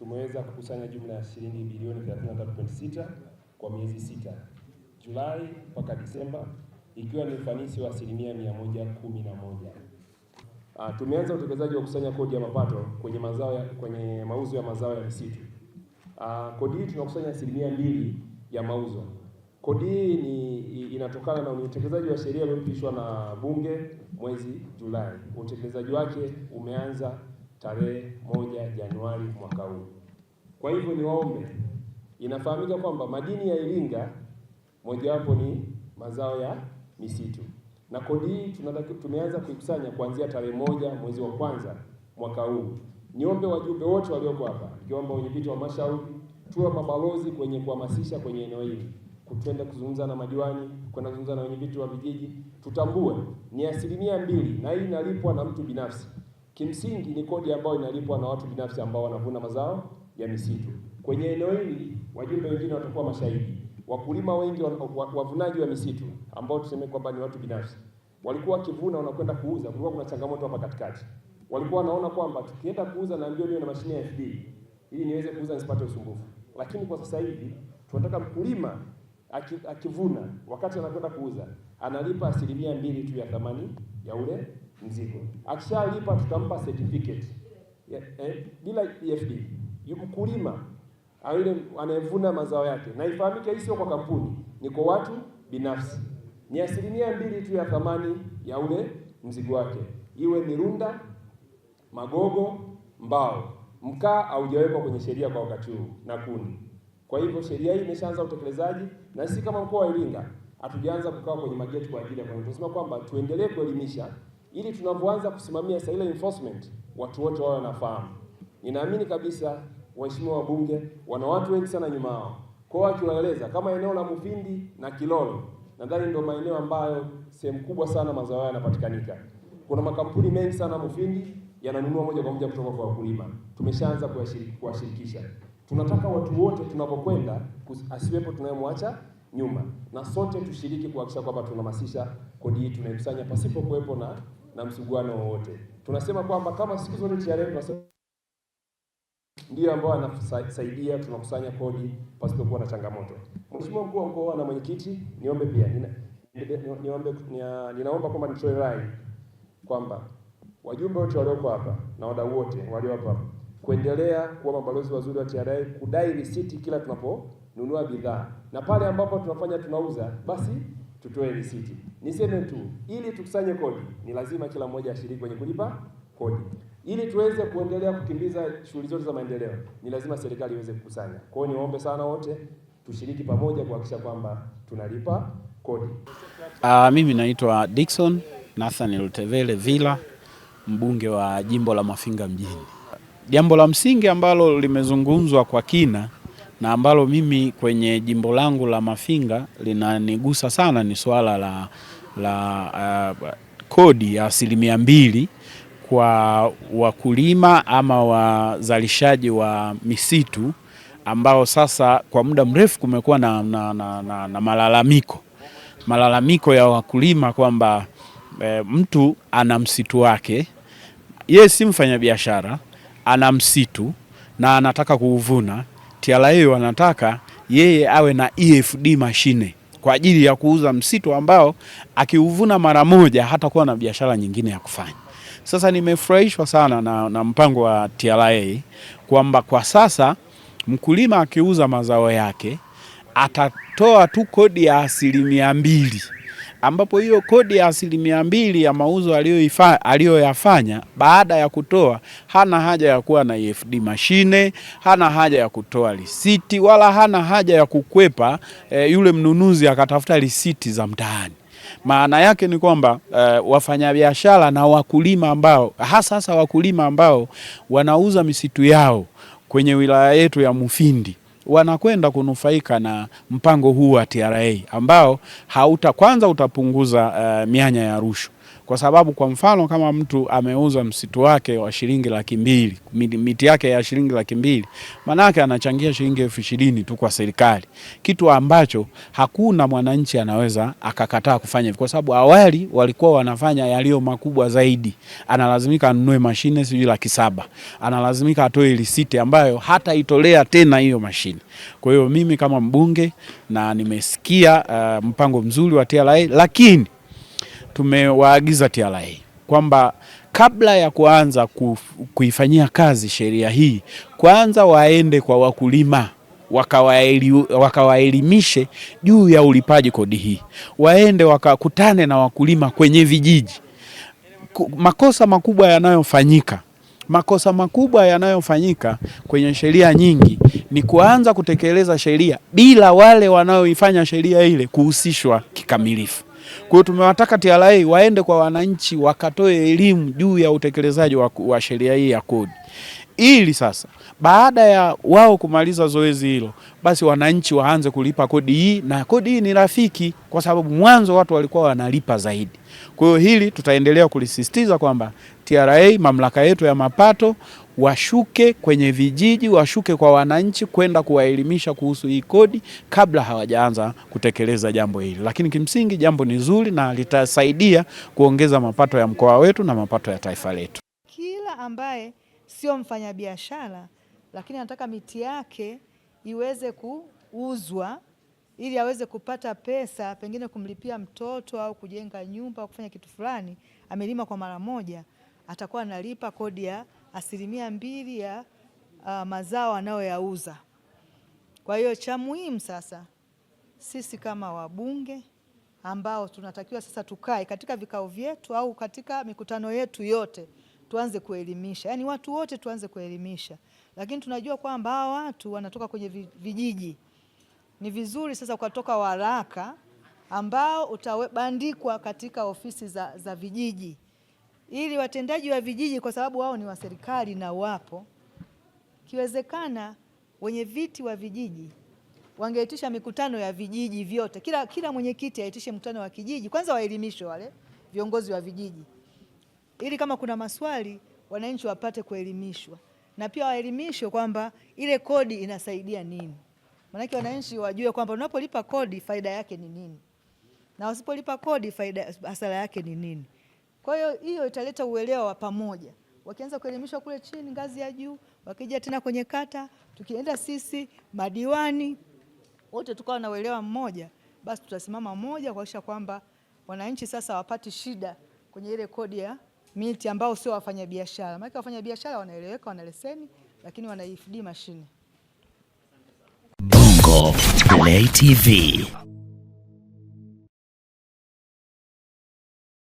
tumeweza kukusanya jumla ya shilingi bilioni 33.6 kwa miezi sita Julai mpaka Disemba, ikiwa ni ufanisi wa asilimia 111. Ah, tumeanza utekelezaji wa kusanya kodi ya mapato kwenye mazao ya, kwenye mauzo ya mazao ya misitu. Ah, kodi hii tunakusanya asilimia mbili ya mauzo. Kodi hii ni inatokana na utekelezaji wa sheria iliyopitishwa na Bunge mwezi Julai. Utekelezaji wake umeanza tarehe moja Januari mwaka huu. Kwa hivyo niwaombe, inafahamika kwamba madini ya Iringa mojawapo ni mazao ya misitu na kodi hii tumeanza kuikusanya kuanzia tarehe moja mwezi wa kwanza mwaka huu. Niombe wajumbe wote walioko hapa, nikiomba wenyeviti wa mashauri, tuwe mabalozi kwenye kuhamasisha kwenye eneo hili, kutenda kuzungumza na madiwani, kwenda kuzungumza na wenyeviti wa vijiji, tutambue ni asilimia mbili na hii inalipwa na mtu binafsi kimsingi ni kodi ambayo inalipwa na watu binafsi ambao wanavuna mazao ya misitu. Kwenye eneo hili wajumbe wengine watakuwa mashahidi. Wakulima wengi wavunaji wa misitu ambao tuseme kwamba ni watu binafsi walikuwa wakivuna wanakwenda kuuza, kulikuwa kuna changamoto hapa katikati. Walikuwa wanaona kwamba tukienda kuuza na ndio niwe na mashine ya FD ili niweze kuuza nisipate usumbufu, lakini kwa sasa hivi tunataka mkulima akivuna, wakati anakwenda kuuza, analipa asilimia mbili tu ya thamani ya ule mzigo. Akishalipa tutampa certificate eh, bila EFD. Mkulima yule anayevuna mazao yake, na ifahamike hii sio kwa kampuni, ni kwa watu binafsi, ni asilimia mbili tu ya thamani ya ule mzigo wake, iwe mirunda, magogo, mbao. Mkaa haujawekwa kwenye sheria kwa wakati huu na kuni. Kwa hivyo sheria hii imeshaanza utekelezaji, na sisi kama mkoa wa Iringa hatujaanza kukaa kwenye mageti kwa ajili ya tunasema kwamba tuendelee kuelimisha ili tunapoanza kusimamia sasa ile enforcement watu wote wao wanafahamu. Ninaamini kabisa waheshimiwa wabunge wana watu wengi sana nyuma yao, kwa hiyo akiwaeleza kama eneo la Mufindi na Kilolo, nadhani ndio maeneo ambayo sehemu kubwa sana mazao yao yanapatikanika. Kuna makampuni mengi sana Mufindi yananunua moja kwa moja kutoka kwa wakulima, tumeshaanza kuwashirikisha. Tunataka watu wote tunapokwenda asiwepo tunayemwacha nyuma, na sote tushiriki kuhakikisha kwamba tunahamasisha kodi hii tunaikusanya pasipo kuwepo na na msuguano wowote. Tunasema kwamba kama siku zote TRA tunasema ndiyo ambao anasaidia tunakusanya kodi pasipokuwa na changamoto. Mheshimiwa mkuu wa mkoa na mwenyekiti, niombe pia nina, niombe, nina, ninaomba kwamba nitoe rai kwamba wajumbe wote walioko hapa na wadau wote walio hapa kuendelea kuwa mabalozi wazuri wa TRA, kudai risiti kila tunaponunua bidhaa na pale ambapo tunafanya tunauza basi tutoe risiti. Niseme tu, ili tukusanye kodi ni lazima kila mmoja ashiriki kwenye kulipa kodi. Ili tuweze kuendelea kukimbiza shughuli zote za maendeleo, ni lazima serikali iweze kukusanya. Kwa hiyo niwaombe sana wote tushiriki pamoja kuhakikisha kwamba tunalipa kodi. Uh, mimi naitwa Dickson Nathan Lutevele Villa, mbunge wa jimbo la Mafinga mjini. Jambo la msingi ambalo limezungumzwa kwa kina na ambalo mimi kwenye jimbo langu la Mafinga linanigusa sana ni swala la, la uh, kodi ya asilimia mbili kwa wakulima ama wazalishaji wa misitu ambao sasa kwa muda mrefu kumekuwa na, na, na, na, na malalamiko malalamiko ya wakulima kwamba e, mtu ana msitu wake, yeye si mfanyabiashara, ana msitu na anataka kuuvuna. TRA wanataka yeye awe na EFD mashine kwa ajili ya kuuza msitu ambao akiuvuna mara moja hata kuwa na biashara nyingine ya kufanya. Sasa nimefurahishwa sana na, na mpango wa TRA kwamba kwa sasa mkulima akiuza mazao yake atatoa tu kodi ya asilimia mbili ambapo hiyo kodi ya asilimia mbili ya mauzo aliyoyafanya baada ya kutoa, hana haja ya kuwa na EFD mashine, hana haja ya kutoa risiti wala hana haja ya kukwepa e, yule mnunuzi akatafuta risiti za mtaani. Maana yake ni kwamba uh, wafanyabiashara na wakulima ambao hasa hasa wakulima ambao wanauza misitu yao kwenye wilaya yetu ya Mufindi wanakwenda kunufaika na mpango huu wa TRA ambao hauta kwanza utapunguza uh, mianya ya rushwa kwa sababu kwa mfano kama mtu ameuza msitu wake wa shilingi laki mbili miti yake ya shilingi laki mbili maanake anachangia shilingi elfu ishirini tu kwa serikali, kitu ambacho hakuna mwananchi anaweza akakataa kufanya kwa sababu awali walikuwa wanafanya yaliyo makubwa zaidi. Analazimika anunue mashine sijui laki saba, analazimika atoe risiti ambayo hata itolea tena hiyo mashine. Kwa hiyo mimi kama mbunge na nimesikia uh, mpango mzuri wa TRA lakini tumewaagiza TRA kwamba kabla ya kuanza kuifanyia kazi sheria hii, kwanza waende kwa wakulima wakawaelimishe juu ya ulipaji kodi hii, waende wakakutane na wakulima kwenye vijiji. Makosa makubwa yanayofanyika makosa makubwa yanayofanyika kwenye sheria nyingi ni kuanza kutekeleza sheria bila wale wanaoifanya sheria ile kuhusishwa kikamilifu. Kwa hiyo tumewataka TRA waende kwa wananchi wakatoe elimu juu ya utekelezaji wa, wa sheria hii ya kodi ili sasa baada ya wao kumaliza zoezi hilo, basi wananchi waanze kulipa kodi hii, na kodi hii ni rafiki, kwa sababu mwanzo watu walikuwa wanalipa zaidi. Kwa hiyo hili tutaendelea kulisisitiza kwamba TRA, mamlaka yetu ya mapato, washuke kwenye vijiji, washuke kwa wananchi kwenda kuwaelimisha kuhusu hii kodi kabla hawajaanza kutekeleza jambo hili. Lakini kimsingi jambo ni zuri na litasaidia kuongeza mapato ya mkoa wetu na mapato ya taifa letu. Kila ambaye sio mfanyabiashara lakini anataka miti yake iweze kuuzwa ili aweze kupata pesa pengine kumlipia mtoto au kujenga nyumba au kufanya kitu fulani, amelima kwa mara moja, atakuwa analipa kodi ya asilimia mbili ya uh, mazao anayoyauza. Kwa hiyo cha muhimu sasa sisi kama wabunge ambao tunatakiwa sasa tukae katika vikao vyetu au katika mikutano yetu yote tuanze kuelimisha, yaani watu wote tuanze kuelimisha, lakini tunajua kwamba hawa watu wanatoka kwenye vijiji. Ni vizuri sasa ukatoka waraka ambao utabandikwa katika ofisi za, za vijiji ili watendaji wa vijiji, kwa sababu wao ni wa serikali na wapo, kiwezekana wenye viti wa vijiji wangeitisha mikutano ya vijiji vyote, kila, kila mwenyekiti aitishe mkutano wa kijiji kwanza, waelimishwe wale viongozi wa vijiji, ili kama kuna maswali wananchi wapate kuelimishwa na pia waelimishwe kwamba ile kodi inasaidia nini. Maanake wananchi wajue kwamba unapolipa kodi faida yake ni nini, na wasipolipa kodi faida hasara yake ni nini. Kwa hiyo hiyo italeta uelewa wa pamoja, wakianza kuelimishwa kule chini, ngazi ya juu, wakija tena kwenye kata, tukienda sisi madiwani wote tukawa na uelewa mmoja, basi tutasimama mmoja kuhakikisha kwamba wananchi sasa wapati shida kwenye ile kodi ya miti ambao sio wafanyabiashara. Maana biashara wanaeleweka, wana leseni lakini wanaifidi mashine. Bongo Play TV.